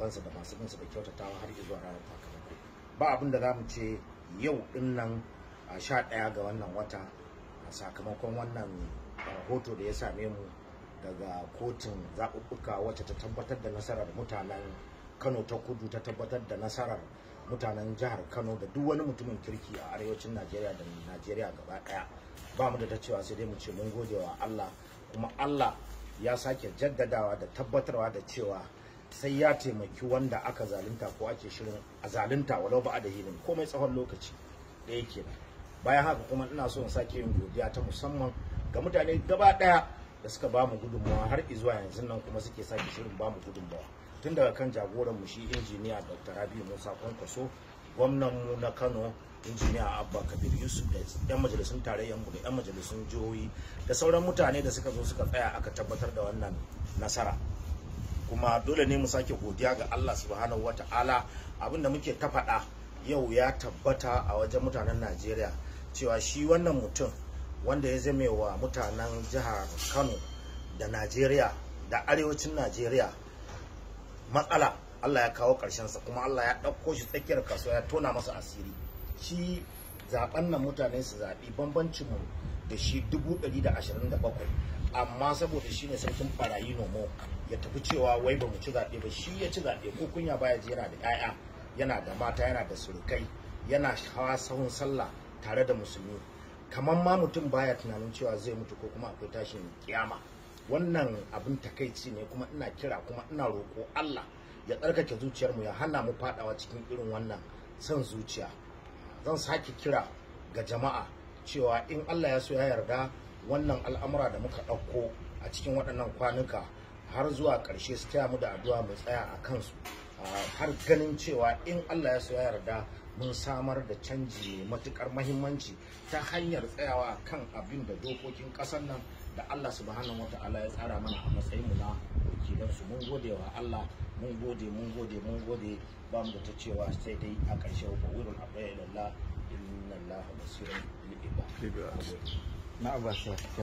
sahabbansa da masu binsa da kyautatawa har zuwa ranar ba abin da za mu ce yau din nan a sha ɗaya ga wannan wata a sakamakon wannan rahoto da ya same mu daga kotun zaɓuɓɓuka wacce ta tabbatar da nasarar mutanen kano ta kudu ta tabbatar da nasarar mutanen jihar kano da duk wani mutumin kirki a arewacin najeriya da najeriya gaba ɗaya ba mu da ta cewa sai dai mu ce mun gode wa allah kuma allah ya sake jaddadawa da tabbatarwa da cewa sai ya taimaki wanda aka zalunta ko ake shirin a zalunta walau ba da hilin komai tsawon lokaci da yake bayan haka kuma ina so in sake yin godiya ta musamman ga mutane gaba daya da suka ba mu gudunmawa har zuwa yanzu nan kuma suke sake shirin ba mu gudunmawa tun daga kan jagoran mu shi injiniya Dr. Rabi Musa Kwankwaso gwamnan mu na Kano injiniya Abba Kabir Yusuf da yan majalisun tarayyar mu da yan majalisun jihohi da sauran mutane da suka zo suka tsaya aka tabbatar da wannan nasara kuma dole ne mu sake godiya ga Allah subhanahu wata'ala abinda muke ta faɗa yau ya tabbata a wajen mutanen Najeriya cewa shi wannan mutum wanda ya zame wa mutanen jihar Kano da Najeriya da arewacin Najeriya matsala Allah ya kawo sa kuma Allah ya ɗauko shi tsakiyar kasuwa ya tona masa asiri shi zaɓen nan mutane su zaɓi bambancin mu da shi bakwai. amma saboda shine sarkin farayi nomo ya tafi cewa wai ba mu ci zaɓe ba shi ya ci zaɓe ko kunya baya ji yana da 'ya'ya yana da mata yana da surukai yana hawa sahun sallah tare da musulmi kamar ma mutum baya tunanin cewa zai mutu ko kuma akwai tashin kiyama wannan abin takaici ne kuma ina kira kuma ina roko Allah ya tsarkake zuciyar mu ya hana mu faɗawa cikin irin wannan son zuciya zan sake kira ga jama'a cewa in Allah ya so ya yarda wannan al'amura da muka ɗauko a cikin waɗannan kwanuka har zuwa ƙarshe su taya mu da addu'a mu tsaya a kansu har ganin cewa in Allah ya so ya yarda mun samar da canji mai matuƙar mahimmanci ta hanyar tsayawa a kan abin da dokokin ƙasar nan da Allah subhanahu wata'ala ya tsara mana a matsayin mu na wakilansu mun gode wa Allah mun gode mun gode mun gode ba mu da ta cewa sai dai a ƙarshe ku wurin abu ya inna Allah basirun lil ibad ما أبغى